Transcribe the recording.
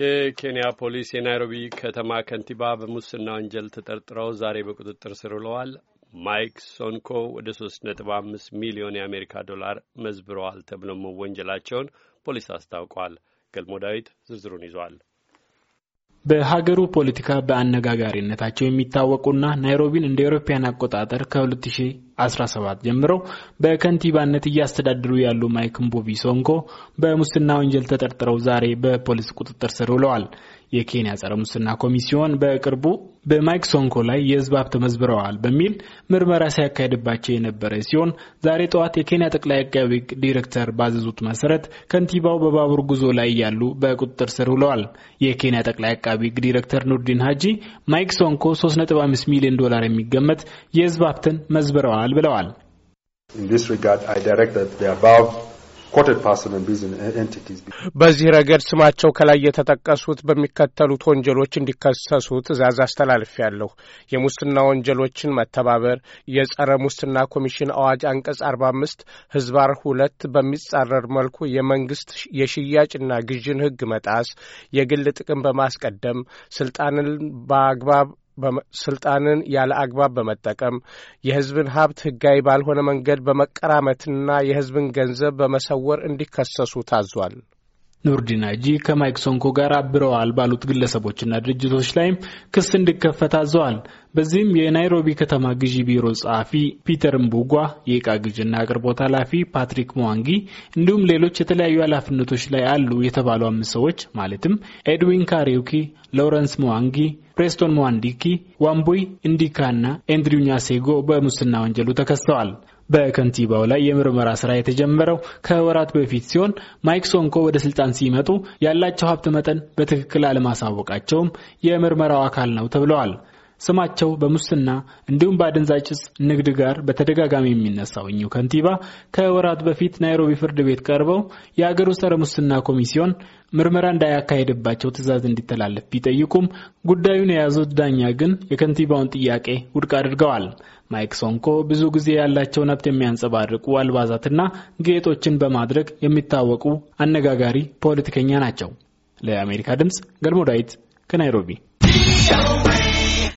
የኬንያ ፖሊስ የናይሮቢ ከተማ ከንቲባ በሙስና ወንጀል ተጠርጥረው ዛሬ በቁጥጥር ስር ውለዋል። ማይክ ሶንኮ ወደ 3.5 ሚሊዮን የአሜሪካ ዶላር መዝብረዋል ተብለው መወንጀላቸውን ፖሊስ አስታውቋል። ገልሞ ዳዊት ዝርዝሩን ይዟል። በሀገሩ ፖለቲካ በአነጋጋሪነታቸው የሚታወቁና ናይሮቢን እንደ ኤሮፓያን አቆጣጠር ከ2017 ጀምሮ በከንቲባነት እያስተዳደሩ ያሉ ማይክ ምቡቢ ሶንኮ በሙስና ወንጀል ተጠርጥረው ዛሬ በፖሊስ ቁጥጥር ስር ውለዋል። የኬንያ ጸረ ሙስና ኮሚሲዮን በቅርቡ በማይክ ሶንኮ ላይ የህዝብ ሀብት መዝብረዋል በሚል ምርመራ ሲያካሄድባቸው የነበረ ሲሆን ዛሬ ጠዋት የኬንያ ጠቅላይ አቃቢ ህግ ዲሬክተር ባዘዙት መሰረት ከንቲባው በባቡር ጉዞ ላይ እያሉ በቁጥጥር ስር ውለዋል። የኬንያ ጠቅላይ አቃቢ ህግ ዲሬክተር ኑርዲን ሀጂ ማይክ ሶንኮ 3.5 ሚሊዮን ዶላር የሚገመት የህዝብ ሀብትን መዝብረዋል ብለዋል። በዚህ ረገድ ስማቸው ከላይ የተጠቀሱት በሚከተሉት ወንጀሎች እንዲከሰሱ ትዕዛዝ አስተላልፌያለሁ። የሙስና ወንጀሎችን መተባበር፣ የጸረ ሙስና ኮሚሽን አዋጅ አንቀጽ አርባ አምስት ህዝባር ሁለት በሚጻረር መልኩ የመንግስት የሽያጭና ግዥን ህግ መጣስ፣ የግል ጥቅም በማስቀደም ስልጣንን በአግባብ ስልጣንን ያለ አግባብ በመጠቀም የህዝብን ሀብት ህጋዊ ባልሆነ መንገድ በመቀራመትና የህዝብን ገንዘብ በመሰወር እንዲከሰሱ ታዟል። ኑርዲናጂ ከማይክ ሶንኮ ጋር አብረዋል ባሉት ግለሰቦችና ድርጅቶች ላይም ክስ እንዲከፈት አዘዋል። በዚህም የናይሮቢ ከተማ ግዢ ቢሮ ጸሐፊ ፒተር ምቡጓ፣ የእቃ ግዥና አቅርቦት ኃላፊ ፓትሪክ መዋንጊ እንዲሁም ሌሎች የተለያዩ ኃላፊነቶች ላይ አሉ የተባሉ አምስት ሰዎች ማለትም ኤድዊን ካሪውኪ፣ ሎረንስ መዋንጊ፣ ፕሬስቶን ሞዋንዲኪ፣ ዋምቦይ እንዲካና ኤንድሪው ኛሴጎ በሙስና ወንጀሉ ተከሰዋል። በከንቲባው ላይ የምርመራ ስራ የተጀመረው ከወራት በፊት ሲሆን ማይክ ሶንኮ ወደ ስልጣን ሲመጡ ያላቸው ሀብት መጠን በትክክል አለማሳወቃቸውም የምርመራው አካል ነው ተብለዋል። ስማቸው በሙስና እንዲሁም በአደንዛዥ ንግድ ጋር በተደጋጋሚ የሚነሳው እኚሁ ከንቲባ ከወራት በፊት ናይሮቢ ፍርድ ቤት ቀርበው የአገር ውስጥ ጸረ ሙስና ኮሚሲዮን ምርመራ እንዳያካሄድባቸው ትዕዛዝ እንዲተላለፍ ቢጠይቁም ጉዳዩን የያዙት ዳኛ ግን የከንቲባውን ጥያቄ ውድቅ አድርገዋል። ማይክ ሶንኮ ብዙ ጊዜ ያላቸውን ሀብት የሚያንጸባርቁ አልባዛትና ጌጦችን በማድረግ የሚታወቁ አነጋጋሪ ፖለቲከኛ ናቸው። ለአሜሪካ ድምፅ ገልሞ ዳዊት ከናይሮቢ